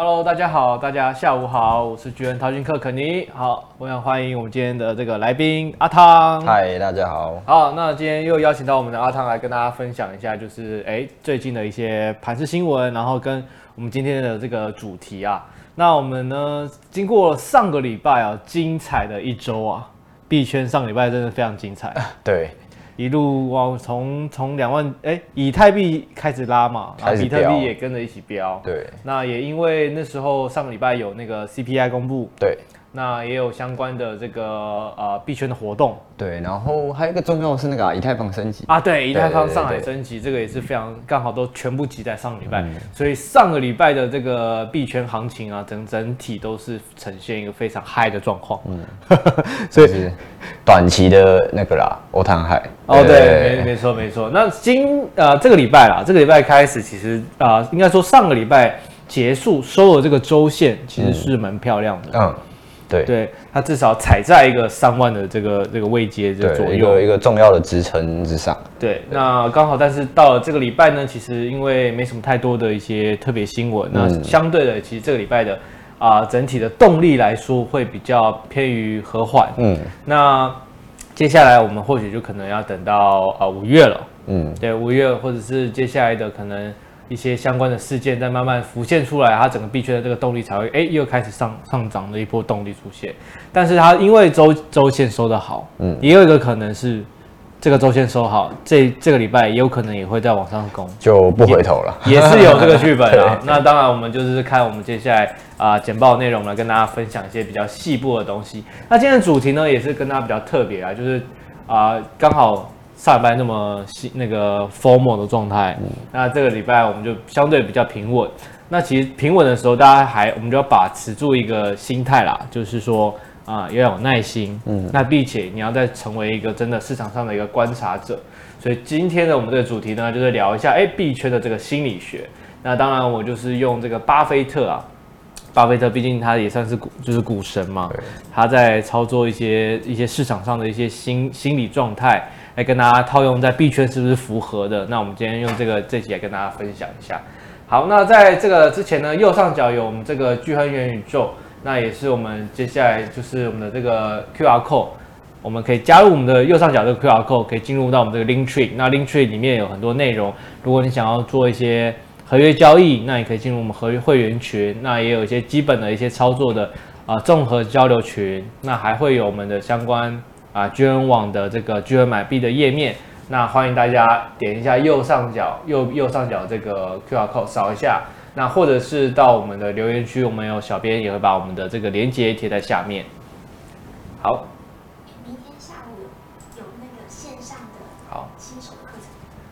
Hello，大家好，大家下午好，我是鉅亨淘金客肯尼。好，我想歡迎我們今天的這個來賓阿湯。嗨，大家好。好，那今天又邀請到我們的阿湯來跟大家分享一下，就是哎最近的一些盤勢新聞，然後跟我們今天的這個主題啊。那我們呢，經過了上個禮拜啊，精彩的一周啊，幣圈上個禮拜真的非常精彩。 對。一路往從從兩萬哎，以太幣開始拉嘛，然後比特幣也跟着一起飆。對，那也因為那時候上個禮拜有那個 CPI 公布。對。那也有相關的這個啊呃、幣圈的活動，對，然後還有一個重要是那個、啊、以太坊升級啊，對，以太坊上海升級這個也是非常剛好都全部集在上個禮拜、嗯，所以上個禮拜的這個幣圈行情啊，整整體都是呈現一個非常嗨的狀況，嗯， 所以是短期的那個啦，我談嗨哦，對，沒沒錯沒錯，那今呃這個禮拜啦，這個禮拜開始其實啊、呃，應該說上個禮拜結束收了這個週線其實是蠻漂亮的，嗯。嗯嗯對對，它至少踩在一個三萬的這個這個位階的左右一，一個重要的支撐之上。對，對那剛好，但是到了這個禮拜呢，其實因為沒什麼太多的一些特別新聞，那相對的，其實這個禮拜的啊，嗯，呃，整體的動力來說會比較偏於和緩。嗯，那接下來我們或許就可能要等到啊五月了。嗯，對，五月或者是接下來的可能。一些相關的事件在慢慢浮現出來，它整個幣圈的這個動力才會哎，又開始上上漲的一波動力出現。但是它因為周周線收得好，嗯，也有一個可能是這個週線收好，這這個禮拜也有可能也會再往上攻，就不回頭了，也，也是有這個劇本啊。 那當然我們就是看我們接下來啊、呃、簡報內容來跟大家分享一些比較細部的東西。那今天的主題呢也是跟大家比較特別啊，就是啊、呃、剛好。上班那麼那個 formal 的狀態，嗯，那這個禮拜我們就相對比較平穩。那其實平穩的時候，大家還我們就要把持住一個心態啦，就是說啊、嗯、要有耐心。嗯，那並且你要再成為一個真的市場上的一個觀察者。所以今天的我們這個主題呢，就是聊一下哎幣圈的這個心理學。那當然我就是用這個巴菲特啊。巴菲特畢竟他也算是股，就是股神嘛，他在操作一些一些市場上的一些心心理狀態，來跟大家套用在幣圈是不是符合的？那我們今天用這個這集來跟大家分享一下。好，那在這個之前呢，右上角有我們這個鉅亨元宇宙，那也是我們接下來就是我們的這個 QR code，我們可以加入我們的右上角這個 QR code，可以進入到我們這個 Link Tree，那 Link Tree 裡面有很多內容，如果你想要做一些。合約交易，那也可以進入我們合約會員群，那也有一些基本的一些操作的啊綜合交流群，那還會有我們的相關啊鉅亨網的這個鉅亨買幣的頁面，那歡迎大家點一下右上角右右上角這個 QR code 掃一下，那或者是到我們的留言區，我們有小編也會把我們的這個鏈接貼在下面，好。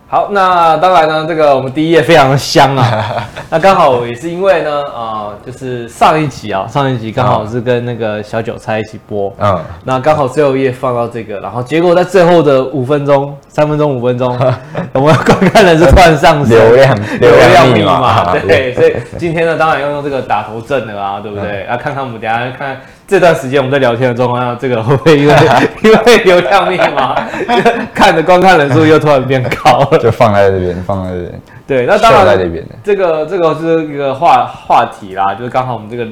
好，那當然呢，這個我們第一頁非常的香啊， 那剛好也是因為呢，啊、呃，就是上一集啊，上一集剛好是跟那個小韭菜一起播，嗯，那剛好最後一頁放到這個，然後結果在最後的五分鐘、三分鐘、五分鐘， 我們觀看的是換上流量，流量密碼、啊，對， 所以今天呢，當然要用這個打頭陣了啊，對不對、嗯？啊，看看我們等下看。這段時間我們在聊天的狀況下，這個會不會因為流量密碼，面 看着觀看人數又突然變高了？就放在這邊，放在這邊。對，那當然，這個那，這個這個是一個話話題啦，就是剛好我們這個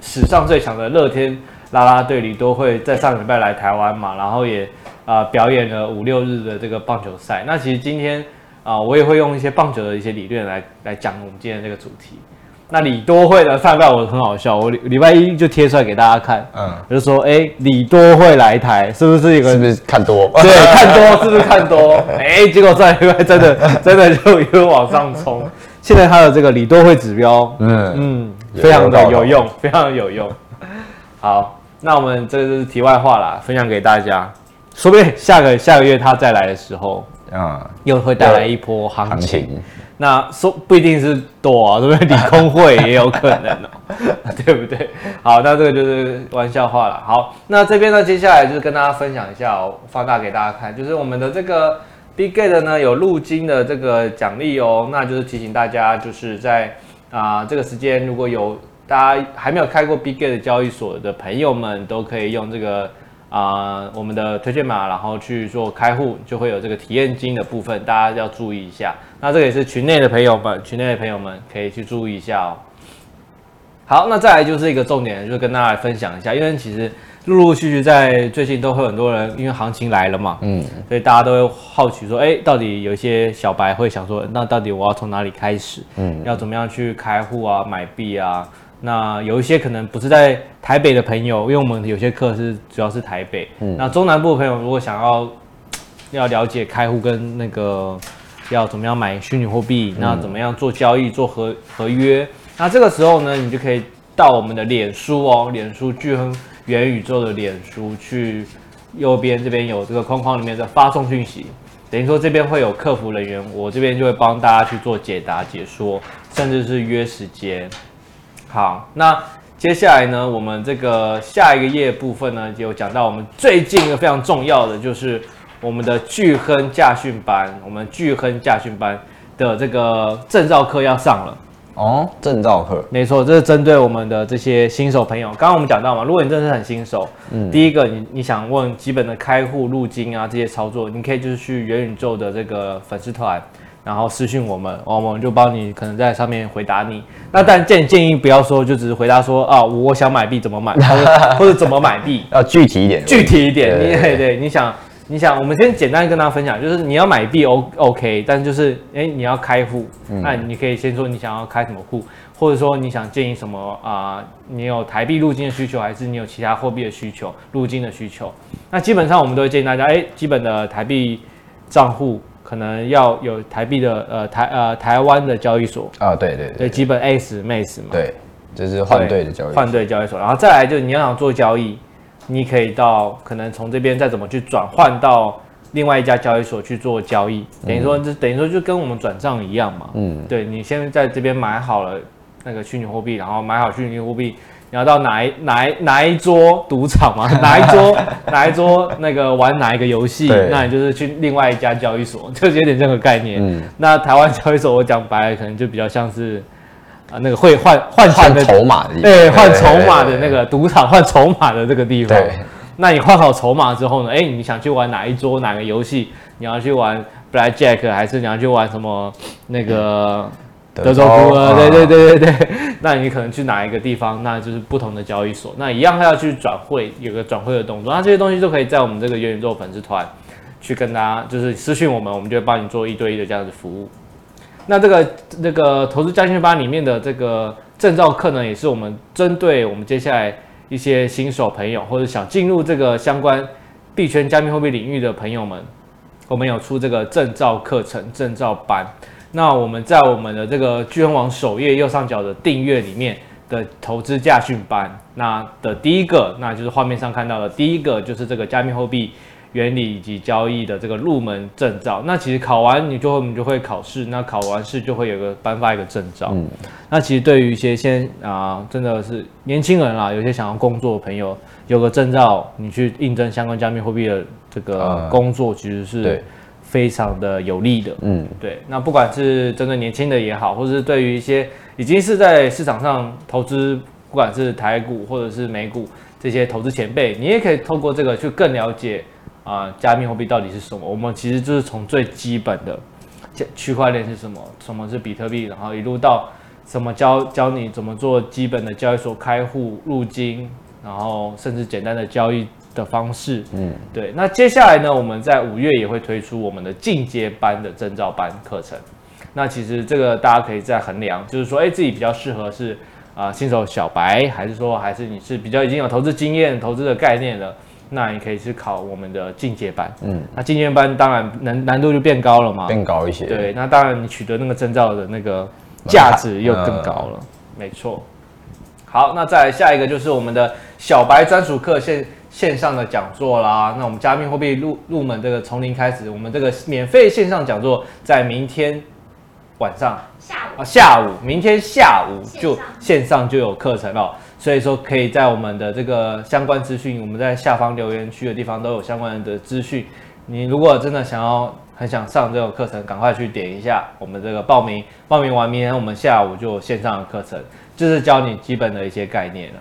史上最強的樂天啦啦隊裡都會在上禮拜來台灣嘛，然後也啊、呃、表演了五六日的這個棒球賽。那其實今天啊、呃，我也會用一些棒球的一些理論來來講我們今天的這個主題。那李多慧的上半我很好笑，我禮禮拜一就貼出來給大家看，嗯，我就說哎、欸、李多慧來台是不是一個是不是看多？對，看多是不是看多？哎、 欸，結果在禮拜真的真的就一路往上衝， 現在它的這個李多慧指標，嗯嗯有，非常有用，非常有用。好，那我們這個就是題外話啦，分享給大家，說不定下個下個月他再來的時候，啊、嗯，又會帶來一波行情。那說不一定是躲、啊，是不是理工會也有可能哦、啊 啊？對不對？好，那這個就是玩笑話了。好，那這邊呢，接下來就是跟大家分享一下、哦，放大給大家看，就是我們的這個 BigGate 呢有入金的這個獎勵哦。那就是提醒大家，就是在啊、呃、這個時間，如果有大家還沒有開過 BigGate 交易所的朋友們，都可以用這個。啊、呃，我們的推薦碼，然後去做開戶，就會有這個體驗金的部分，大家要注意一下。那這個也是群內的朋友們，群內的朋友們可以去注意一下哦。好，那再來就是一個重點，就是跟大家來分享一下，因為其實陸陸續續在最近都會很多人，因為行情來了嘛，嗯，所以大家都會好奇說，哎，到底有一些小白會想說，那到底我要從哪裡開始？嗯，要怎麼樣去開戶啊，買幣啊？那有一些可能不是在台北的朋友，因為我們有些課是主要是台北。嗯、那中南部的朋友如果想要要了解開戶跟那個要怎麼樣買虛擬貨幣，嗯、那怎麼樣做交易做合合約，那這個時候呢，你就可以到我們的臉書哦，臉書鉅亨元宇宙的臉書去右邊，這邊有這個框框裡面的發送訊息，等於說這邊會有客服人員，我這邊就會幫大家去做解答解說，甚至是約時間。好，那接下來呢，我們這個下一個頁部分呢，有講到我們最近一個非常重要的，就是我們的鉅亨駕訓班，我們鉅亨駕訓班的這個證照課要上了哦，證照課，沒錯，這是針對我們的這些新手朋友。剛剛我們講到嘛，如果你真的是很新手，嗯，第一個你你想問基本的開戶路徑啊這些操作，你可以就是去元宇宙的這個粉絲團。然後私訊我們，我們就幫你可能在上面回答你。那但建建議不要說，就只是回答說啊、哦，我想買幣怎麼買，或者怎麼買幣，要 具體一點，具體一點。對對，對，對你，你想，你想，我們先簡單跟大家分享，就是你要買幣 O OK，但是就是誒你要開戶、嗯，那你可以先說你想要開什麼戶，或者說你想建議什麼啊、呃？你有台幣入金的需求，還是你有其他貨幣的需求入金的需求？那基本上我們都會建議大家，哎，基本的台幣賬戶。可能要有台幣的呃台呃台灣的交易所啊，對對對，基本 ACE、MAX 嘛，對，這、就是換對的交易，對換對的交易所，然後再來就你要想做交易，你可以到可能從這邊再怎麼去轉換到另外一家交易所去做交易，等於說就、嗯、等於說就跟我們轉賬一樣嘛，嗯，對你先在這邊買好了那個虛擬貨幣，然後買好虛擬貨幣。你要到哪一哪一哪一桌賭場嘛？哪一桌 哪一桌那個玩哪一個遊戲？那你就是去另外一家交易所，就是有點這個概念。嗯、那台灣交易所我講白了，可能就比較像是、呃、那個會換換籌碼的對，對，對，換籌碼的那個賭場，換籌碼的這個地方。那你換好籌碼之後呢？誒、欸，你想去玩哪一桌哪個遊戲？你要去玩 Black Jack 還是你要去玩什麼那個、嗯、德州撲克、啊？對對對對對。那你可能去哪一個地方，那就是不同的交易所，那一樣他要去轉會，有個轉會的動作。那這些東西都可以在我們這個元宇宙粉絲團去跟大家，就是私訊我們，我們就會幫你做一對一的這樣子服務。那這個那個這個投資家訓班裡面的這個證照課呢，也是我們針對我們接下來一些新手朋友，或者想進入這個相關幣圈加密貨幣領域的朋友們，我們有出這個證照課程證照班。那我們在我們的這個鉅亨網首頁右上角的訂閱裡面的投資駕訓班，那的第一個，那就是畫面上看到的第一個，就是這個加密貨幣原理以及交易的這個入門證照。那其實考完你就會，你就會考試，那考完試就會有個頒發一個證照。嗯，那其實對於一些先啊、呃，真的是年輕人啊，有些想要工作的朋友，有個證照，你去應徵相關加密貨幣的這個工作，其實是、嗯、對。非常的有利的，嗯，對。那不管是針對年輕的也好，或者是對於一些已經是在市場上投資，不管是台股或者是美股這些投資前輩，你也可以透過這個去更了解啊、呃，加密貨幣到底是什麼。我們其實就是從最基本的，區區塊鏈是什麼，什麼是比特幣，然後一路到什麼教教你怎麼做基本的交易所開戶入金，然後甚至簡單的交易的方式，嗯，對。那接下來呢，我們在五月也會推出我們的進階班的證照班課程。那其實這個大家可以再衡量，就是說，哎，自己比較適合是啊、呃、新手小白，還是說，還是你是比較已經有投資經驗、投資的概念了，那你可以去考我們的進階班，嗯，那進階班當然難難度就變高了嘛，變高一些。對，那當然你取得那個證照的那個價值又更高了、呃，沒錯。好，那再來下一個就是我們的小白專屬課，現。線上的講座啦，那我們加密貨幣入入門這個從零開始，我們這個免費線上講座在明天晚上下午啊，下午明天下午就線上，線上就有課程了，所以說可以在我們的這個相關資訊，我們在下方留言區的地方都有相關的資訊。你如果真的想要很想上這個課程，趕快去點一下我們這個報名，報名完明天我們下午就有線上的課程，就是教你基本的一些概念了。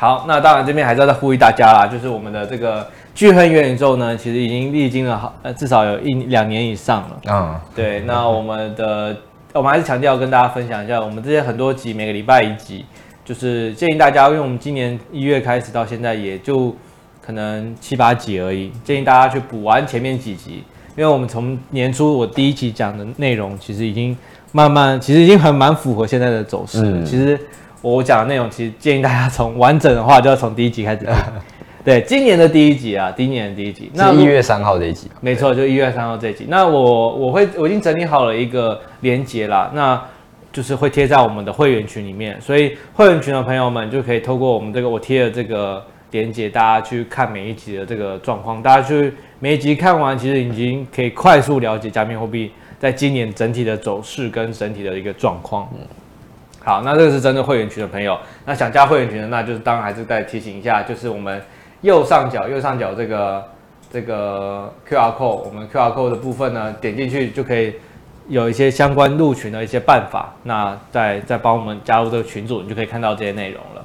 好，那當然這邊還是要再呼籲大家啦，就是我們的這個鉅亨元宇宙呢，其實已經歷經了好，至少有一兩年以上了。嗯，對。那我們的，我們還是強調跟大家分享一下，我們這些很多集，每個禮拜一集，就是建議大家，因為我們今年一月開始到現在，也就可能七八集而已，建議大家去補完前面幾集，因為我們從年初我第一集講的內容，其實已經慢慢，其實已經很蠻符合現在的走勢。其實。嗯。我講的內容其實建議大家從完整的話就要從第一集開始。 對，今年的第一集啊，今年的第一集，那是一月三號這一集。沒錯，就一月三號這一集。那我我會我已經整理好了一個連結啦，那就是會貼在我們的會員群裡面，所以會員群的朋友們就可以透過我們這個我貼的這個連結，大家去看每一集的這個狀況，大家去每一集看完，其實已經可以快速了解加密貨幣在今年整體的走勢跟整體的一個狀況。嗯好，那這個是針對會員群的朋友，那想加會員群的，那就是當然還是再提醒一下，就是我們右上角，右上角這個這個 QR code，我們 QR code 的部分呢，點進去就可以有一些相關入群的一些辦法，那再再幫我們加入這個群組，你就可以看到這些內容了。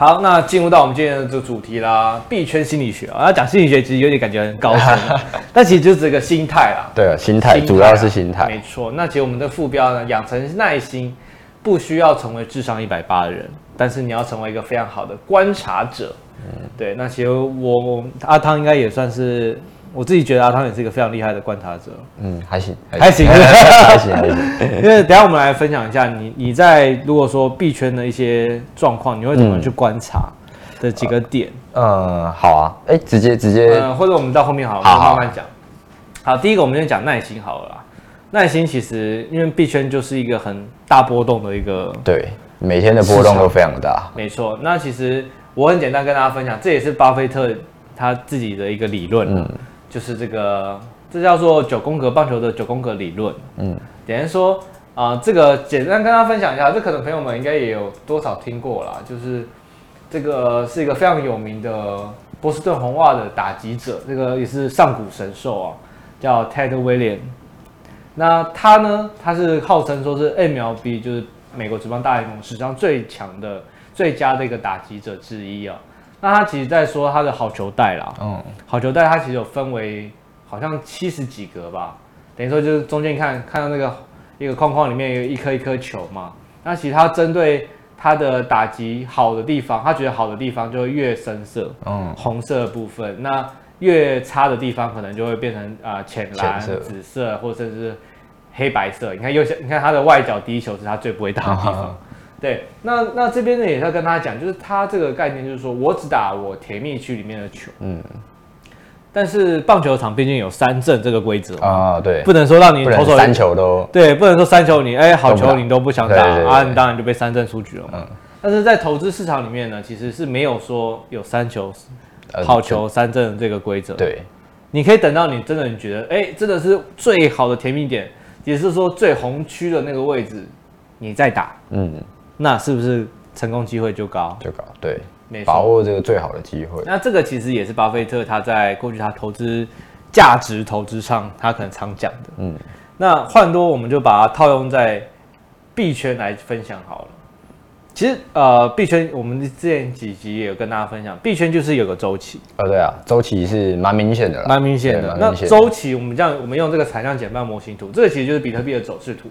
好，那進入到我們今天的這主題啦，幣圈心理學啊。要講心理學，其實有點感覺很高深， 但其實就是這個心態啦。對啊，心態、啊，主要是心態。沒錯。那其實我們的副標呢，養成耐心，不需要成為智商一百八的人，但是你要成為一個非常好的觀察者。嗯，對。那其實我，我阿湯應該也算是。我自己覺得阿湯也是一個非常厲害的觀察者。嗯，還行，還行，還行，還行。因為等一下我們來分享一下你你在如果說幣圈的一些狀況，你會怎麼去觀察的幾個點？嗯、呃，好啊，哎，直接直接，呃，或者我們到後面好，好、啊，我慢慢講。好，第一個我們先講耐心好了啦。耐心其實因為幣圈就是一個很大波動的一個，對，每天的波動都非常大。沒錯。那其實我很簡單跟大家分享，這也是巴菲特他自己的一個理論。嗯就是這個，這叫做九宮格，棒球的九宮格理論。嗯，等於說，啊、呃，這個簡單跟大家分享一下，這可能朋友們應該也有多少聽過啦。就是這個是一個非常有名的波士頓紅襪的打擊者，這個也是上古神獸啊，叫 Ted William。那他呢，他是號稱說是 MLB 就是美國職棒大聯盟史上最強的，最佳的一個打擊者之一啊。那他其實在說他的好球帶啦，嗯，好球帶他其實有分為好像七十幾格吧，等於說就是中間看看到那個一個框框裡面有一顆一顆球嘛。那其實他針對他的打擊好的地方，他覺得好的地方就會越深色，嗯，紅色的部分。那越差的地方可能就會變成啊、呃、淺藍淺、紫色，或者是黑白色。你看右下，你看他的外角第一球是他最不會打的地方。嗯嗯對，那那這邊呢，也要跟他講，就是他這個概念就是說，我只打我甜蜜區裡面的球。嗯。但是棒球場畢竟有三振這個規則啊，對，不能說讓你投手三球都，對，不能說三球你哎好球你都不想打，不對對對對啊，你當然就被三振出局了，嗯。但是在投資市場裡面呢，其實是沒有說有三球好球三振這個規則，嗯。對。你可以等到你真的你覺得哎，真的是最好的甜蜜點，也是說最紅區的那個位置，你再打。嗯。那是不是成功機會就高？就高，對，沒錯，把握這個最好的機會。那這個其實也是巴菲特他在過去他投資價值投資上他可能常講的。嗯，那換多我們就把它套用在幣圈來分享好了。其實呃，幣圈我們之前幾集也有跟大家分享，幣圈就是有個週期。呃、哦，對啊，週期是蠻明顯的，蠻明顯的，蠻明顯的。那週期我們這樣，我們用這個產量減半模型圖，這個其實就是比特幣的走勢圖，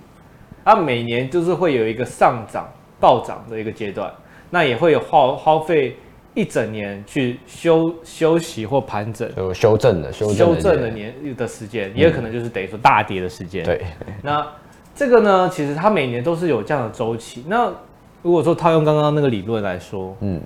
它、啊、每年就是會有一個上漲，暴漲的一個階段，那也會有耗耗費一整年去休休息或盤整，有修正的修正的年，修正的，年的時間，嗯，也有可能就是等於說大跌的時間。對，那這個呢，其實它每年都是有這樣的週期。那如果說套用剛剛那個理論來說，嗯，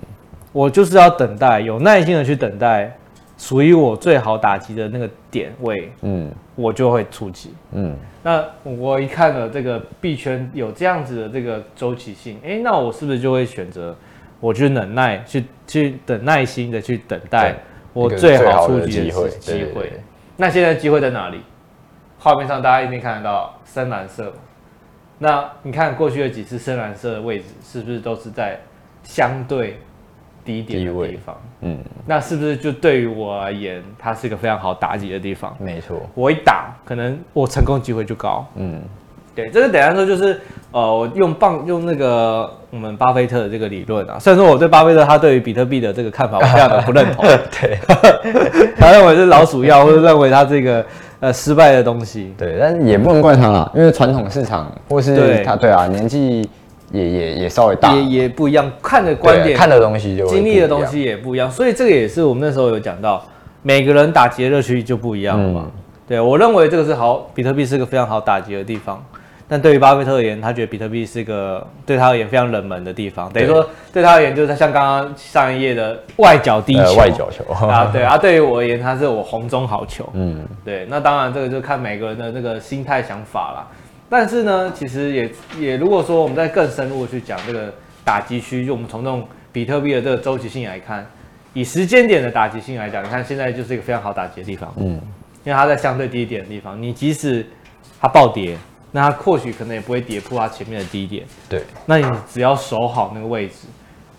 我就是要等待，有耐心的去等待。屬於我最好打擊的那個點位，嗯，我就會出擊，嗯。那我一看了這個幣圈有這樣子的這個週期性，哎、欸，那我是不是就會選擇我去忍耐，去去等耐心的去等待我最好出擊的機會？機會。那現在機會在哪裡？畫面上大家一定看得到深藍色。那你看過去的幾次深藍色的位置，是不是都是在相對？低一點的地方位，嗯，那是不是就對於我而言，它是一個非常好打擊的地方？沒錯，我一打，可能我成功機會就高。嗯，對，這個等於說就是呃，我用棒用那個我們巴菲特的這個理論啊，雖然說我對巴菲特他對於比特幣的這個看法我非常的不認同， 對， 他認為是老鼠藥，或者認為他這個呃失敗的東西，對，但是也不能怪他啦，因為傳統市場或是他，對，對啊，年紀。也也也稍微大，也也不一樣，看的觀點、啊、看的東西就經歷的東西也不一樣，所以這個也是我們那時候有講到，每個人打擊樂趣就不一樣嘛、嗯。對我認為這個是好，比特幣是個非常好打擊的地方，但對於巴菲特而言，他覺得比特幣是個對他而言非常冷門的地方，等於說對，對他而言就是他像剛剛上一頁的外角低球，呃、外角球啊，對啊，對於我而言，他是我紅中好球，嗯，對，那當然這個就看每個人的那個心態想法啦。但是呢，其實也也，如果說我們再更深入的去講這個打擊區，就我們從這種比特幣的這個周期性來看，以時間點的打擊性來講，你看現在就是一個非常好打擊的地方，嗯，因為它在相對低點的地方，你即使它暴跌，那它或許可能也不會跌破它前面的低點，對，那你只要守好那個位置，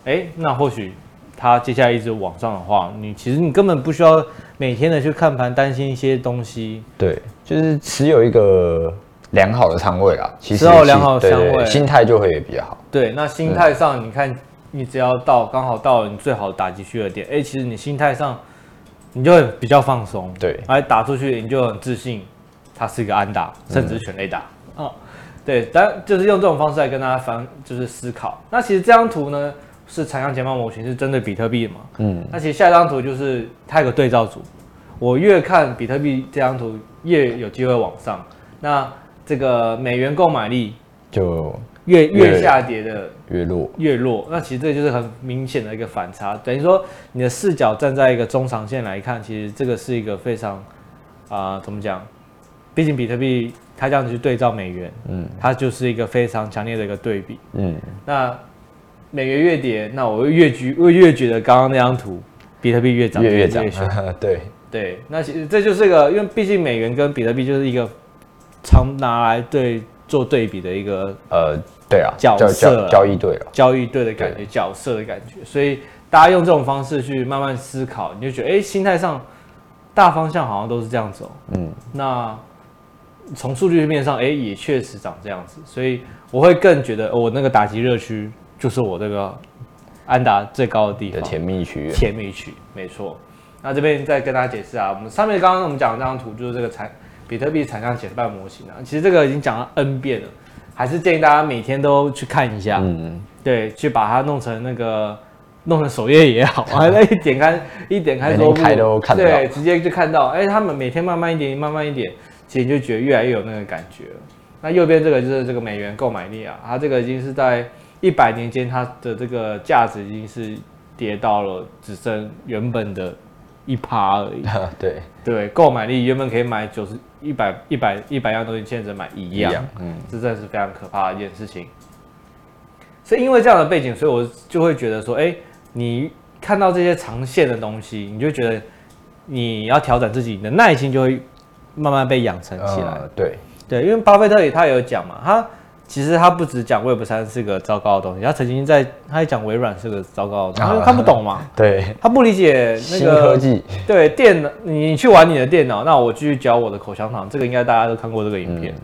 哎，那或許它接下來一直往上的話，你其實你根本不需要每天的去看盤，擔心一些東西，對，就是持有一個。良好的倉位了、啊，只有良好的倉位對對對對對，心態就會比較好。對，那心態上，你看，你只要到、嗯、剛好到了你最好打擊區的點，哎，其實你心態上，你就會比較放鬆。對，來打出去，你就很自信，它是一個安打，甚至是全壘打。嗯、哦，對，但就是用這種方式來跟大家反，就是思考。那其實這張圖呢是產量減半模型，是針對比特幣的嘛？嗯，那其實下一張圖就是它有個對照組。我越看比特幣這張圖，越有機會往上。那這個美元購買力越就越越下跌的越弱越，越弱越弱，那其實這就是很明顯的一個反差。等於說你的視角站在一個中長線來看，其實這個是一個非常啊、呃、怎麼講？畢竟比特幣它這樣子去對照美元，嗯，它就是一個非常強烈的一個對比。嗯，那美元越跌，那我會越覺會越覺得剛剛那張圖，比特幣越漲越漲越，越漲。啊、對對，那其實這就是一個，因為畢竟美元跟比特幣就是一個。常拿來對做對比的一個呃，對啊，角色了交易對，交易對的感覺，角色的感覺，所以大家用這種方式去慢慢思考，你就覺得哎、欸，心態上大方向好像都是這樣走，嗯，那從數據面上，哎，也確實長這樣子，所以我會更覺得我那個打擊熱區就是我這個安達最高的地方的甜蜜區甜蜜區沒錯。那這邊再跟大家解釋啊，我們上面剛剛我們講的這張圖就是這個產。比特幣產量減半模型啊，其實這個已經講了 N 遍了，還是建議大家每天都去看一下，嗯，對，去把它弄成那個弄成首頁也好，啊，那一點開一點開都看，對，直接就看到，哎、欸，他們每天慢慢一點，慢慢一點，其實你就覺得越來越有那個感覺了。那右邊這個就是這個美元購買力啊，它這個已經是在一百年間它的這個價值已經是跌到了只剩原本的。一趴而已、啊，對,對購買力原本可以買九十一百一百一百樣東西，現在只買一樣,一樣，嗯，這真的是非常可怕的一件事情。所以因為這樣的背景，所以我就會覺得說，哎，你看到這些長線的東西，你就覺得你要調整自己你的耐心，就會慢慢被養成起來。嗯、對對，因為巴菲特他也有講嘛，他。其實他不止講 Web3 是個糟糕的東西，他曾經在他也講微軟是個糟糕的東西，啊、他看不懂嘛？對，他不理解、那個、新科技。對電腦，你去玩你的電腦，那我去嚼我的口香糖。這個應該大家都看過這個影片。嗯、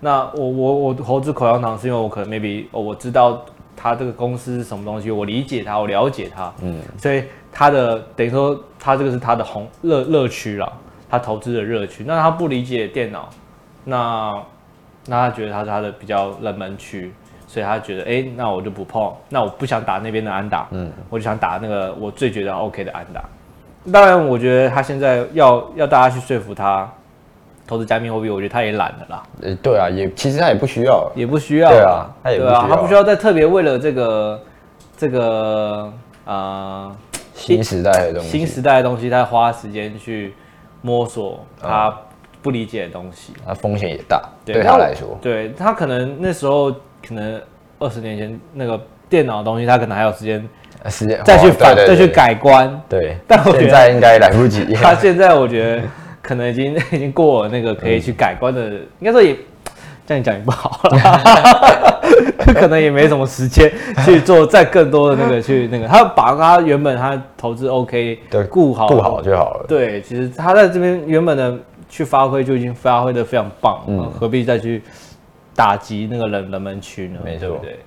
那我我我投資口香糖是因為我可能 maybe、哦、我知道他這個公司是什麼東西，我理解他，我了解他。嗯。所以他的等於說他這個是他的紅樂樂趣了，他投資的樂趣。那他不理解電腦，那。那他覺得他是他的比較冷門區，所以他覺得，哎、欸，那我就不碰，那我不想打那邊的安打，嗯，我就想打那個我最覺得 OK 的安打。當然，我覺得他現在要要大家去說服他投資加密貨幣，我覺得他也懶得啦。呃、欸，對啊，也其實他也不需要，也不需要，對啊，他也不需要，啊、他,不需要他不需要再特別為了這個這個啊、呃、新時代的東西，新時代的東西，他花時間去摸索他、嗯。不理解的東西、啊，他風險也大，對，對他來說，對他可能那時候可能二十年前那個電腦東西，他可能還有時間時間再去反，啊、對對對，再去改觀，對，對，對，對，但我覺得現在應該來不及。他現在我覺得可能已經已經過了那個可以去改觀的，嗯、應該說也這樣講也不好了， 可能也沒什麼時間去做再更多的那個去那個，他把他原本他投資 OK，對，顧好顧好，好，好就好了。對，其實他在這邊原本的。去發揮就已經發揮得非常棒了，嗯，何必再去打擊那個人、嗯、人們群呢？沒錯，對不對。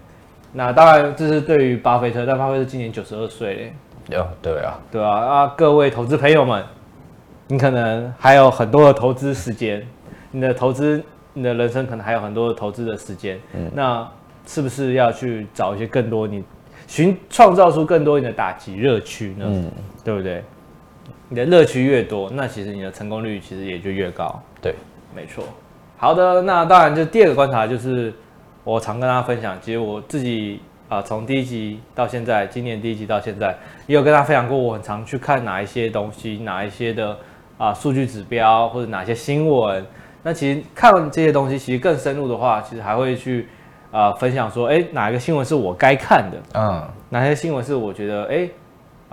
那當然，這是對於巴菲特，但巴菲特今年九十二歲嘞。有對、啊、對啊，對啊，各位投資朋友們，你可能還有很多的投資時間，你的投資，你的人生可能還有很多的投資的時間。嗯。那是不是要去找一些更多你尋創造出更多你的打擊熱區呢？嗯，對不對？你的樂趣越多，那其實你的成功率其實也就越高。對，沒錯。好的，那當然就第二個觀察就是，我常跟大家分享，其實我自己啊、呃，從第一集到現在，今年第一集到現在，也有跟大家分享過，我很常去看哪一些東西，哪一些的啊、呃、數據指標或者哪一些新聞。那其實看完這些東西，其實更深入的話，其實還會去啊、呃、分享說，哎，哪一個新聞是我該看的？嗯，哪些新聞是我覺得誒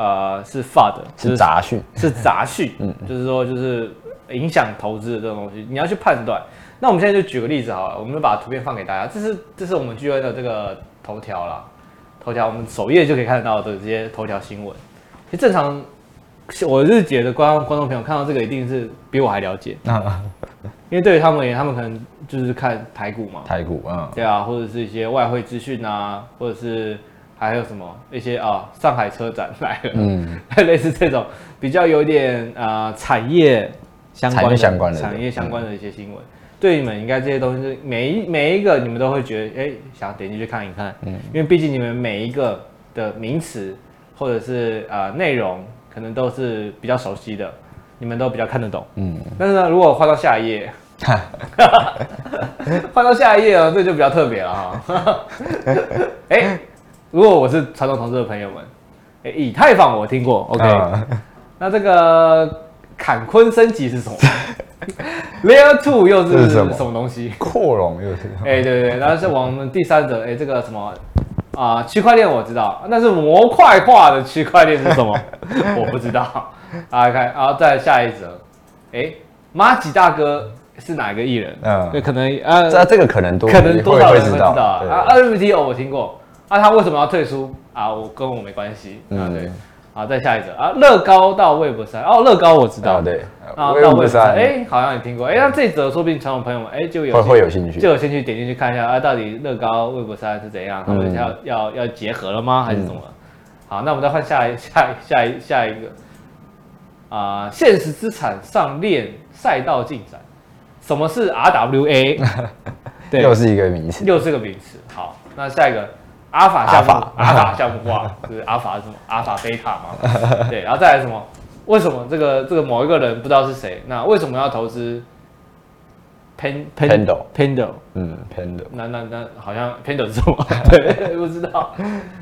呃，是 FUD，就是，是雜訊，是雜訊，嗯，就是說，就是影響投資的這種東西，你要去判斷。那我們現在就舉個例子好了，我們就把圖片放給大家。這是這是我們鉅亨的這個頭條啦，頭條，我們首頁就可以看到的這些頭條新聞。其實正常，我是覺得觀觀眾朋友看到這個一定是比我還了解，啊、因為對於他們而言，他們可能就是看台股嘛，台股啊，對、嗯、啊，或者是一些外匯資訊啊，或者是。還有什麼一些啊、哦？上海車展來了，嗯，類似這種比較有點啊、呃、產業相關、相關的、產業相關的一些新聞，對你們應該這些東西，是每一每一個你們都會覺得哎、欸，想點進去看一看，嗯，因為畢竟你們每一個的名詞或者是啊、呃、內容，可能都是比較熟悉的，你們都比較看得懂，嗯。但是呢，如果換到下一頁，換到下一頁啊，這就比較特別了哈，哎。如果我是傳統投資的朋友們、欸，以太坊我聽過，OK，、呃、那這個坎昆升級是什麼是 ？Layer Two 又是什麼東西？擴容又是？哎、欸，對對，對， 然後我往第三者，哎、欸，這個什麼啊？區塊鏈我知道，那是模塊化的區塊鏈是什麼？ 我不知道。來、OK、看，然後再下一則，哎、欸，馬吉大哥是哪個藝人？嗯、呃，對，可能、呃、啊，這這個可能多，可能多少人知道，會會知道啊？NFT 哦，RTO、我聽過。那、啊、他為什麼要退出啊？我跟我沒關係。嗯、啊，對。好，再下一則啊，樂高到微博上哦，樂高我知道的。啊，啊 3, 到微博上，哎，好像也聽過、嗯。哎，那這一則說不定常統朋友們哎就有會有興趣，就有興趣點進去看一下啊，到底樂高 web 上是怎樣？他們要、嗯、要要結合了嗎？還是怎麼、嗯？好，那我們再換下下下一，下一，下，一，下，一下一個啊，現實資產上鏈賽道進展，什麼是 RWA？ 對，又是一個名詞，又是個名詞。好，那下一個。阿法向法，阿法向不掛，就是阿法什麼？阿法貝塔嘛，對，然後再來什麼？為什麼這個這個某一個人不知道是誰？那為什麼要投資？Pendle，Pendle，嗯，Pendle，那那那好像 Pendle 是什麼？ 對， 不知道。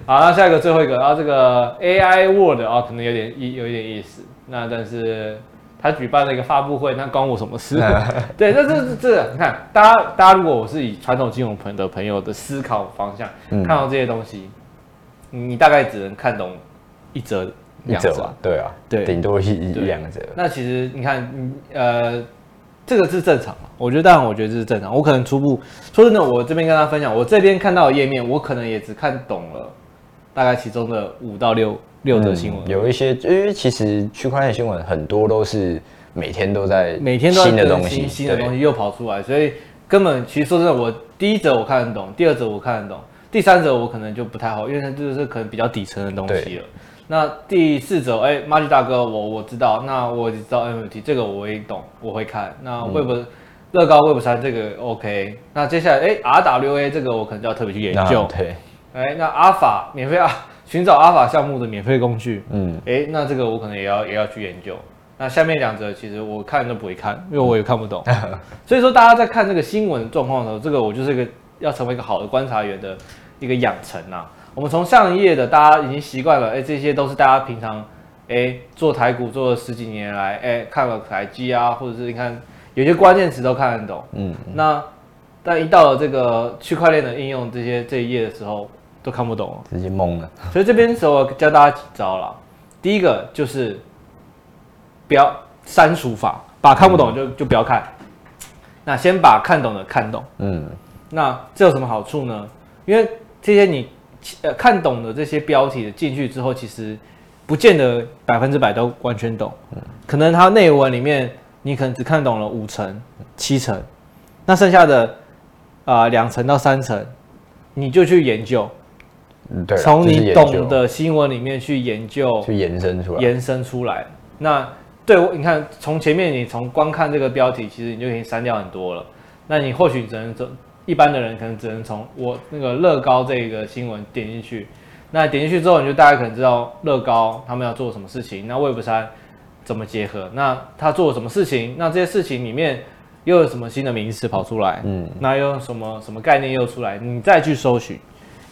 好，那下一個最後一個，然後這個 AI word 啊、哦，可能有點意，有一點意思。那但是。他舉辦了一個發布會，那關我什麼事？ 對，那是這這個，你看，大家大家如果我是以傳統金融朋的朋友的思考方向，嗯、看到這些東西你，你大概只能看懂一折，兩折吧？對啊，對，頂多一一一兩折。那其實你看，呃，這個是正常，我覺得當然，我覺得這是正常。我可能初步說真的，我這邊跟大家分享，我這邊看到的頁面，我可能也只看懂了大概其中的五到六。六則新聞、嗯、有一些，因為其實區塊鏈新聞很多都是每天都在新的東西，新的東西又跑出來，所以根本其實說真的，我第一則我看得懂，第二則我看得懂，第三則我可能就不太好，因為它就是可能比較底層的東西了。那第四則哎、欸，馬吉大哥，我我知道，那我知道 MVT 這個我也懂，我會看。那 Web 樂、嗯、高 Web 三這個 OK，那接下來哎、欸、RWA 這個我可能就要特別去研究。對，哎、欸，那 Alpha 免費啊。尋找阿爾法項目的免費工具，嗯，哎、欸，那這個我可能也要也要去研究。那下面兩則其實我看都不會看，因為我也看不懂。嗯、 所以說大家在看這個新聞狀況的時候，這個我就是一個要成為一個好的觀察員的一個養成吶、啊。我們從上一頁的大家已經習慣了，哎、欸，這些都是大家平常哎、欸、做台股做了十幾年來，哎、欸、看了台積啊，或者是你看有些關鍵詞都看得懂，嗯，那但一到了這個區塊鏈的應用這些這一頁的時候。都看不懂，直接懵了。所以這邊時候教大家幾招了。 第一個就是，不要刪除法，把看不懂就、嗯、就不要看。那先把看懂的看懂。嗯。那這有什麼好處呢？因為這些你呃看懂的這些標題的進去之後，其實不見得百分之百都完全懂。嗯。可能它內文裡面你可能只看懂了五成、七成，那剩下的啊兩成到三成，你就去研究。從你懂的新聞裡面去研究，去延伸出來，延伸出來。那對我，你看，從前面你從光看這個標題，其實你就已經刪掉很多了。那你或許你只能一般的人可能只能從我那個樂高這個新聞點進去。那點進去之後，你就大家可能知道樂高他們要做什麼事情，那 Web 三怎麼結合，那他做了什麼事情，那這些事情裡面又有什麼新的名詞跑出來？嗯，那又有什麼什麼概念又出來？你再去搜尋。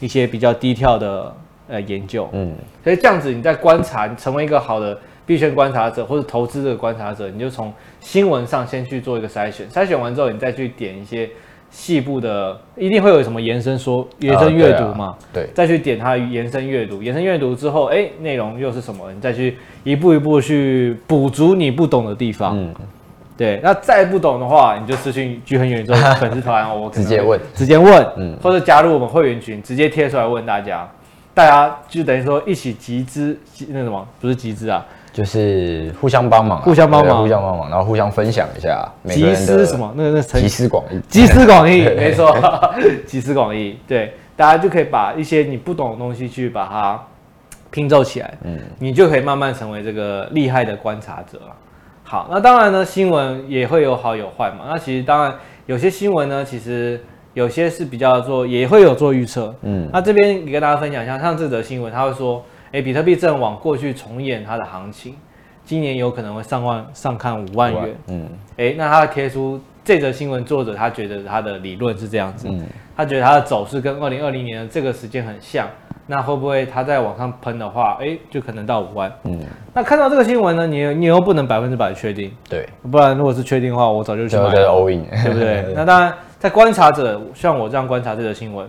一些比較低調的呃研究，嗯，所以這樣子你在觀察，你成為一個好的避險觀察者或者投資的觀察者，你就從新聞上先去做一個篩選，篩選完之後你再去點一些細部的，一定會有什麼延伸說延伸閱讀嘛，對，再去點它延伸閱讀，延伸閱讀之後，哎，內容又是什麼？你再去一步一步去補足你不懂的地方。嗯。對，那再不懂的話，你就私信聚恆遠中粉絲團，我 直接問，直接問，嗯，或者加入我們會員群，直接貼出來問大家，大家就等於說一起集資，那什麼？不是集資啊，就是互相幫忙，互相幫忙，對對對，互相幫忙，然後互相分享一下，集思什麼？集思廣益，集思廣益，嗯、益，沒錯， 集思廣益，對，大家就可以把一些你不懂的東西去把它拼湊起來，嗯，你就可以慢慢成為這個厲害的觀察者。好，那當然呢，新聞也會有好有壞嘛。那其實當然有些新聞呢，其實有些是比較做，也會有做預測。嗯，那這邊也跟大家分享一下，像上這則新聞他會說，哎、欸，比特幣正往過去重演它的行情，今年有可能會上萬，上看五萬元。嗯，哎、欸，那他貼出這則新聞作者，他覺得他的理論是這樣子，他、嗯、覺得它的走勢跟二零二零年的這個時間很像。那會不會它再往上噴的話，哎，就可能到五萬。嗯，那看到這個新聞呢，你你又不能百分之百確定。對，不然如果是確定的話，我早就，起碼是歐印，對不對？對對，那當然，在觀察者像我這樣觀察這個新聞，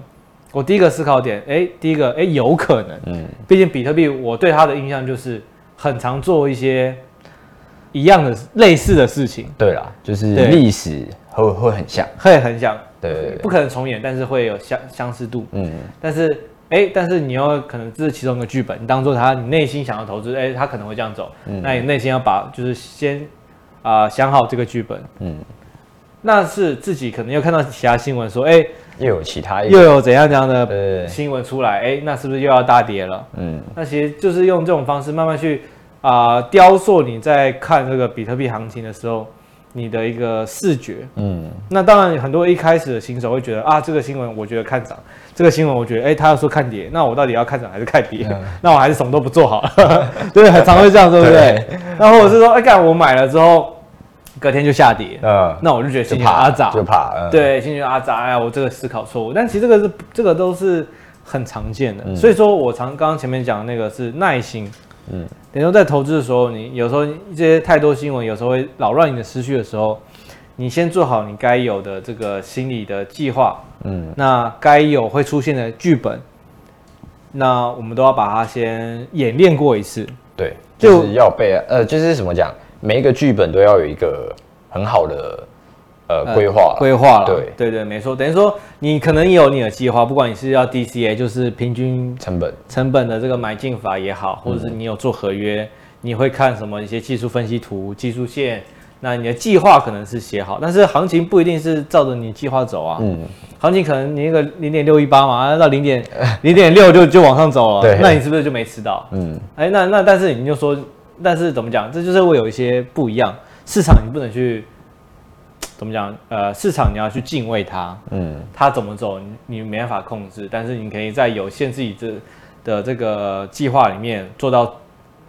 我第一個思考點，哎，第一個，哎，有可能。嗯。畢竟比特幣，我對它的印象就是很常做一些一樣的類似的事情。對啦，就是歷史會會很像，會很像。對，很像，對，對，對，對。不可能重演，但是會有相相似度。嗯。但是。哎，但是你又可能這是其中一個劇本，你當做他你內心想要投資，哎，他可能會這樣走，那你內心要把就是先啊、呃、想好這個劇本，嗯，那是自己可能又看到其他新聞說，哎，又有其他又有怎樣怎樣的新聞出來，哎，那是不是又要大跌了？嗯，那其實就是用這種方式慢慢去啊、呃、雕塑你在看這個比特幣行情的時候。你的一個視覺，嗯，那當然很多一開始的新手會覺得啊，這個新聞我覺得看漲，這個新聞我覺得哎，他要說看跌，那我到底要看漲還是看跌？嗯、那我還是什麼都不做好了，嗯、 對，很常會這樣，對不對，對？然後我是說，哎，幹，我買了之後隔天就下跌，啊、嗯，那我就覺得心情阿砸、啊，就怕，對，啊嗯、對心情阿砸，哎呀、啊，我這個思考錯誤，但其實這個是這個都是很常見的，嗯、所以說我常剛剛前面講的那個是耐心。嗯，等於說在投資的時候，你有時候這些太多新聞，有時候會擾亂你的思緒的時候，你先做好你該有的這個心理的計劃。嗯，那該有會出現的劇本，那我們都要把它先演練過一次。對，就是要背，呃，就是怎麼講，每一個劇本都要有一個很好的。呃，規劃規劃了，對對對，沒錯，等於說你可能有你的計劃，不管你是要 DCA，就是平均成本成本的這個買進法也好，或者是你有做合約、嗯，你會看什麼一些技術分析圖、技術線，那你的計劃可能是寫好，但是行情不一定是照着你計劃走啊。嗯，行情可能你那個零點六一八嘛，啊、到零點零點六就就往上走了，對，那你是不是就沒吃到？嗯，哎，那那但是你就說，但是怎麼講？這就是會有一些不一樣，市場你不能去。怎麼講？呃，市場你要去敬畏它，嗯，它怎麼走你你沒辦法控制，但是你可以在有限自己這的這個計劃裡面做到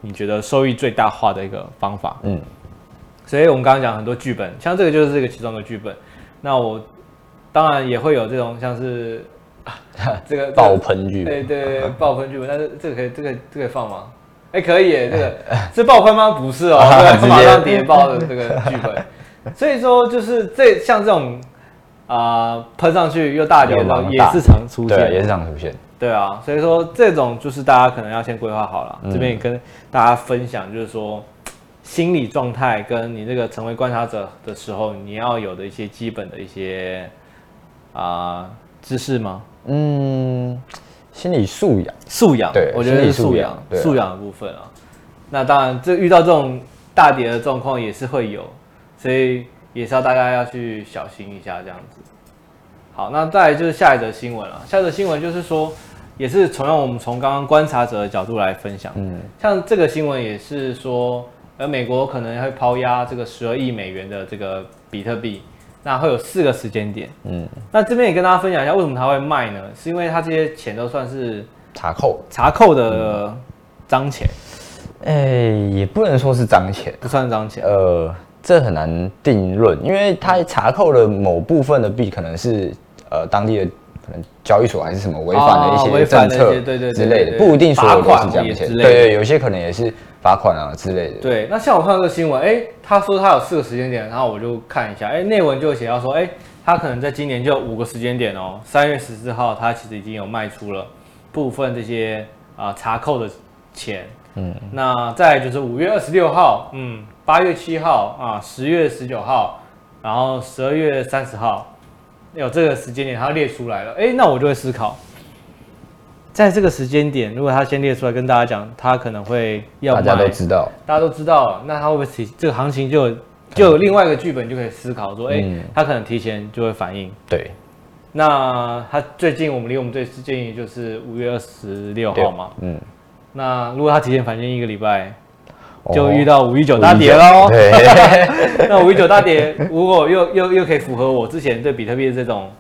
你覺得收益最大化的一個方法，嗯。所以我們剛剛講很多劇本，像這個就是這個其中一個劇本。那我當然也會有這種像是、啊、這個、這個、爆噴劇本，哎、對對，對爆噴劇本。但是這個可以，這個這個放嗎？哎，可以，這個是爆噴嗎？不是哦，是、啊、馬上跌爆的這個劇本。所以說，就是這像這種，啊，噴上去又大跌的，也是常出現也，也是常出現。對啊，所以說這種就是大家可能要先規劃好了。嗯、這邊也跟大家分享，就是說心理狀態跟你這個成為觀察者的時候，你要有的一些基本的一些啊、呃、知識嗎？嗯，心理素養，素養，對，我覺得是素養，素養的部分啊。啊那當然，這遇到這種大跌的狀況也是會有。所以也是要大家要去小心一下，這樣子。好，那再來就是下一則新聞了。下一則新聞就是說，也是從我們從剛剛觀察者的角度來分享。嗯，像這個新聞也是說，呃，美國可能會拋壓這個十二億美元的這個比特幣，那會有四個時間點。嗯，那這邊也跟大家分享一下，為什麼他會賣呢？是因為他這些錢都算是查扣查扣的贓錢。哎，也不能說是贓錢、啊，不算贓錢。呃。這很難定論，因為他查扣了某部分的幣，可能是呃當地的可能交易所還是什麼違反了一些政策，之類的，不一定說都是詐騙，對對，有些可能也是罰款啊之類的。對，那像我看到這個新聞，哎，他說他有四個時間點，然後我就看一下，哎，內文就寫到說，哎，他可能在今年就五個時間點哦。三月十四號，他其實已經有賣出了部分這些啊、呃、查扣的錢，嗯，那再就是五月二十六號，嗯。八月七號啊，十月十九號，然後十二月三十號，有這個時間點，他列出來了。哎，那我就會思考，在這個時間點，如果他先列出來跟大家講，他可能會要大家都知道，大家都知道，那他會不會提這個行情就有就有另外一個劇本，就可以思考說，哎，他、嗯、可能提前就會反應。對，那他最近我們離我們這次建議就是五月二十六號嘛。嗯，那如果他提前反應一個禮拜。就遇到五一九大跌嘍。 那五一九大跌，如果又又又可以符合我之前對比特幣的這種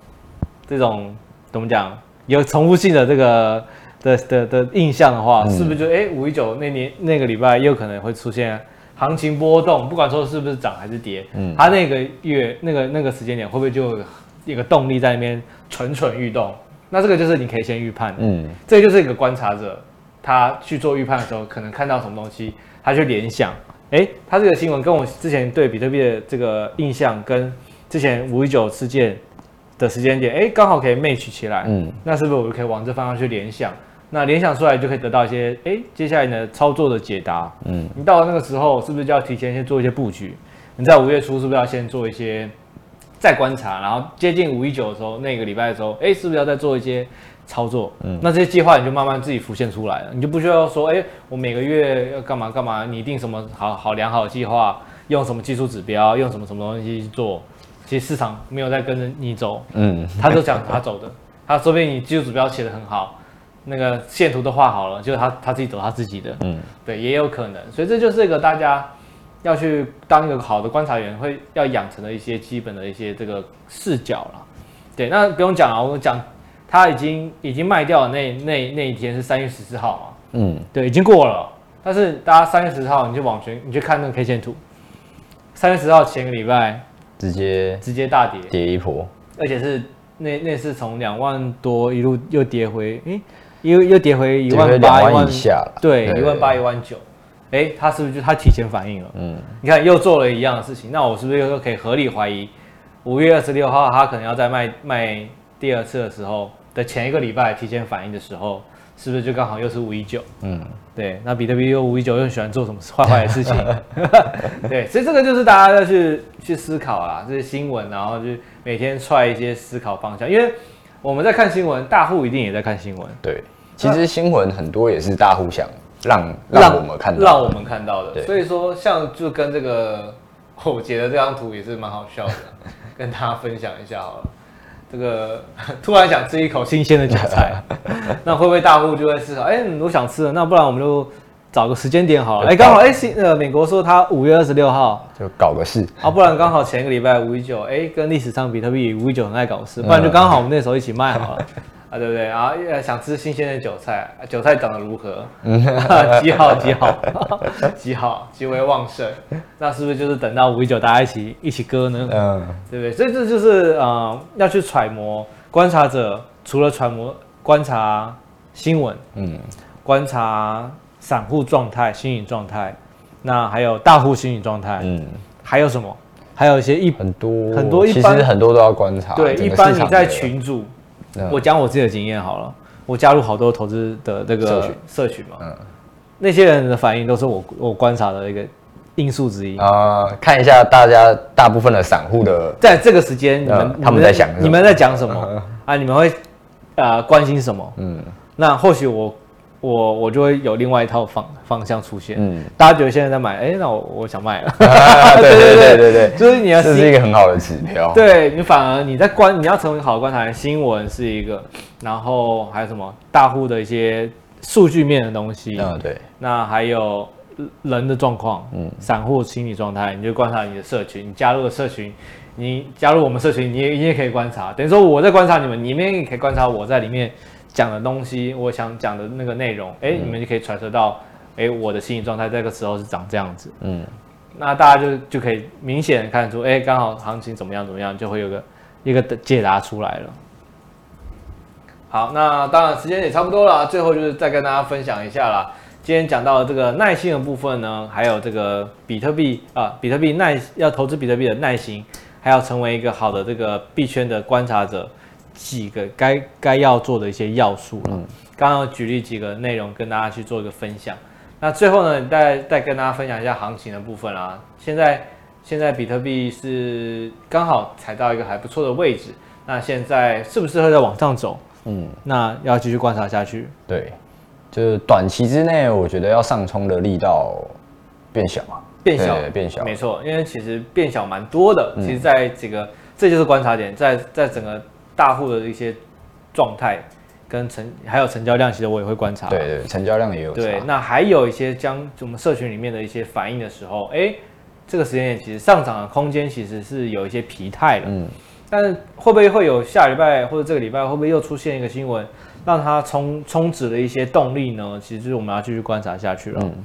這種怎麼講有重複性的這個的的的印象的話，是不是就誒五一九那年那個禮拜又可能會出現行情波動？不管說是不是漲還是跌，他它那個月那個那個時間點會不會就有一個動力在那邊蠢蠢欲動？那這個就是你可以先預判的。嗯，這就是一個觀察者他去做預判的時候可能看到什麼東西。他去聯想，哎、欸，他這個新聞跟我之前對比特幣的這個印象跟之前五一九事件的時間點，哎、欸，剛好可以 match 起來。嗯，那是不是我就可以往這方向去聯想？那聯想出來就可以得到一些，哎、欸，接下來你的操作的解答。嗯，你到了那個時候，是不是就要提前先做一些布局？你在五月初是不是要先做一些再觀察？然後接近五一九的時候，那個禮拜的時候，哎、欸，是不是要再做一些？操作，嗯，那這些計劃你就慢慢自己浮現出來了，你就不需要說，誒、欸，我每個月要幹嘛幹嘛，擬定什麼好好良好的計劃，用什麼技術指標，用什麼什麼東西去做。其實市場沒有在跟着你走，嗯，他就講他走的，他說不定你技術指標寫得很好，那個線圖都畫好了，就是他他自己走他自己的，嗯，對，也有可能，所以這就是一個大家要去當一個好的觀察員，會要養成的一些基本的一些這個視角了。對，那不用講了，我講。他已經已經賣掉的那那那一天是三月十四號嘛？嗯，對，已經過了。但是大家三月十號，你就往前，你去看那個 K 線圖，三月十號前個禮拜直接直接大跌，跌一波，而且是那那是從兩萬多一路又跌回，誒又又跌回一萬八一萬以下了1萬，對，一萬八一萬九，誒，他是不是就他提前反應了？嗯，你看又做了一樣的事情，那我是不是又可以合理懷疑五月二十六號他可能要再賣賣第二次的時候？在前一個禮拜提前反應的時候，是不是就剛好又是五一九？嗯，對。那比特幣又五一九又喜歡做什麼壞壞的事情？ 對，所以這個就是大家要去去思考啦。這些新聞，然後就每天踹一些思考方向。因為我們在看新聞，大戶一定也在看新聞。對，其實新聞很多也是大戶想讓、啊、讓我們看到的，讓我們看到的。對，所以說，像就跟這個我截的這張圖也是蠻好笑的、啊， 跟大家分享一下好了。這個突然想吃一口新鮮的韭菜， 那會不會大戶就會思考？哎，我想吃了，那不然我們就找個時間點好了。哎，剛好，哎，新呃，美國說他五月二十六號就搞個事，啊，不然剛好前一個禮拜五一九，哎，跟歷史上比特幣五一九很愛搞事，不然就剛好我們那時候一起賣好了。 啊，對不對啊？想吃新鮮的韭菜，啊、韭菜長得如何、 啊？極好，極好， 極好，極為旺盛。那是不是就是等到五一九大家一起一起割呢？嗯，對不對？所以這就是啊、呃，要去揣摩觀察者，除了揣摩觀察新聞，嗯，觀察散戶狀態、心理狀態，那還有大戶心理狀態，嗯，還有什麼？還有一些一很多很多一般，其實很多都要觀察。對，一般你在群組。.嗯、我講我自己的經驗好了，我加入好多投資的那個社群，社群，社群嘛、嗯，那些人的反應都是我我觀察的一個因素之一啊。看一下大家大部分的散戶的，嗯、在這個時間你們、呃、他們在想什麼、你們在、你們在講什麼、嗯、啊？你們會啊、呃、關心什麼？嗯，那或許我。我我就會有另外一套方方向出現，嗯，大家覺得現在在買，哎，那我我想賣了，對對對對對，就是你要這是一個很好的指標，對你反而你在觀你要成為好的觀察人，新聞是一個，然後還有什麼大戶的一些數據面的東西，對，那還有人的狀況，嗯，散戶心理狀態，你就觀察你的社群，你加入了社群，你加入我們社群，你你也可以觀察，等於說我在觀察你們，你們也可以觀察我在裡面。講的東西，我想講的那個內容，哎、嗯，你們就可以揣測到，哎，我的心理狀態這個時候是長這樣子，嗯，那大家就就可以明顯看出，哎，剛好行情怎麼樣怎麼樣，就會有個一個的解答出來了。好，那當然時間也差不多了，最後就是再跟大家分享一下啦。今天講到的這個耐心的部分呢，還有這個比特幣啊，比特幣耐要投資比特幣的耐心，還要成為一個好的這個幣圈的觀察者。幾個該該要做的一些要素了、嗯。剛剛舉例幾個內容跟大家去做一個分享。那最後呢，你再再跟大家分享一下行情的部分啊。現在現在比特幣是剛好踩到一個還不錯的位置。那現在是不是會再往上走？嗯，那要繼續觀察下去。對，就是短期之內，我覺得要上衝的力道變小啊，變小變小，沒錯，因為其實變小蠻多的。其實在這個、嗯、這就是觀察點，在在整個。大戶的一些狀態跟成還有成交量，其實我也會觀察啊。對對，成交量也有。對，那還有一些將就我們社群裡面的一些反應的時候，誒，這個時間點其實上漲的空間其實是有一些疲態的。嗯。但是會不會會有下禮拜或者這個禮拜會不會又出現一個新聞讓，讓它充充值的一些動力呢？其實就是我們要繼續觀察下去了。嗯。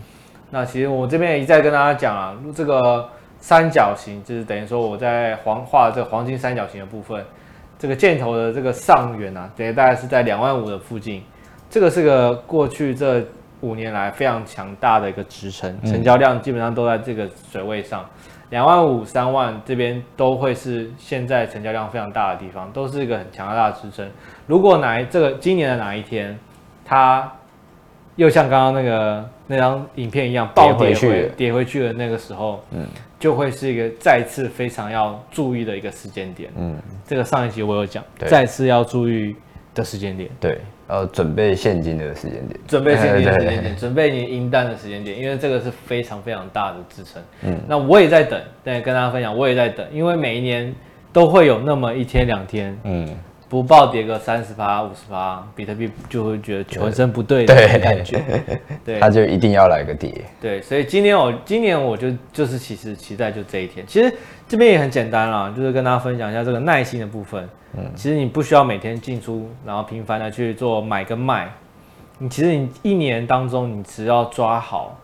那其實我這邊也一再跟大家講啊，這個三角形就是等於說我在黃畫這個黃金三角形的部分。這個箭頭的這個上緣啊，這大概是在兩萬五的附近。這個是個過去這五年來非常強大的一個支撐，成交量基本上都在這個水位上。嗯、兩萬五、三萬這邊都會是現在成交量非常大的地方，都是一個很強大的支撐。如果哪一這個今年的哪一天，它又像剛剛那個那張影片一樣暴跌，跌回跌回去的那個時候，嗯。就會是一個再次非常要注意的一個時間點。嗯，這個上一集我有講，再次要注意的時間點。對，呃，準備現金的時間點，準備現金的時間點，準備你銀彈的時間點，因為這個是非常非常大的支撐。嗯，那我也在等，對，跟大家分享，我也在等，因為每一年都會有那麼一天兩天。嗯。不暴跌個三十趴、五十趴，比特幣就會覺得渾身不對的感覺，對， 對他就一定要來個跌。對，所以今年我今年我就就是其實期待就這一天。其實這邊也很簡單啦，就是跟大家分享一下這個耐心的部分。嗯，其實你不需要每天進出，然後頻繁的去做買跟賣。你其實你一年當中，你只要抓好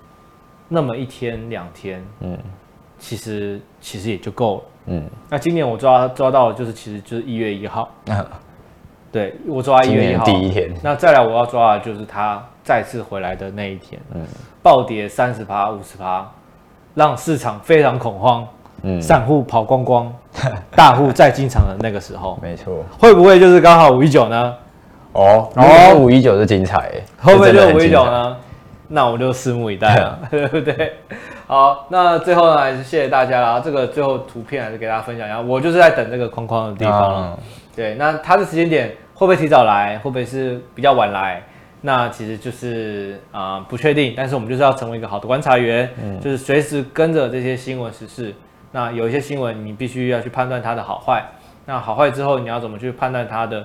那麼一天兩天，嗯，其實其實也就夠了。嗯，那今年我抓抓到的就是，其實就是一月一號，啊、對我抓一月一號第一天。那再來我要抓的就是他再次回來的那一天，嗯，暴跌三十趴、五十趴，讓市場非常恐慌，嗯，散戶跑光光，呵呵大戶再進場的那個時候，沒錯。會不會就是剛好五一九呢？哦，五一九是精彩，會不會就是五一九呢？那我就拭目以待了，呵呵 對不對？好，那最後呢，還是謝謝大家啦。然後這個最後圖片還是給大家分享一下。我就是在等這個框框的地方了、啊。對，那它的時間點會不會提早來，會不會是比較晚來？那其實就是啊、呃，不確定。但是我們就是要成為一個好的觀察員，嗯、就是隨時跟着這些新聞時事。那有一些新聞，你必須要去判斷它的好壞。那好壞之後，你要怎麼去判斷它的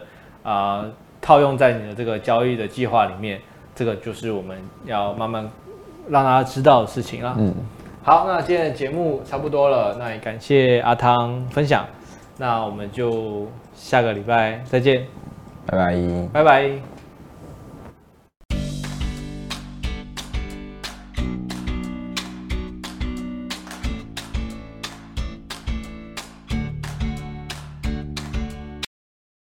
啊、呃？套用在你的這個交易的計劃裡面，這個就是我們要慢慢讓大家知道的事情了。嗯。好，那今天的節目差不多了，那也感謝阿湯分享，那我們就下個禮拜再見，拜拜，拜拜。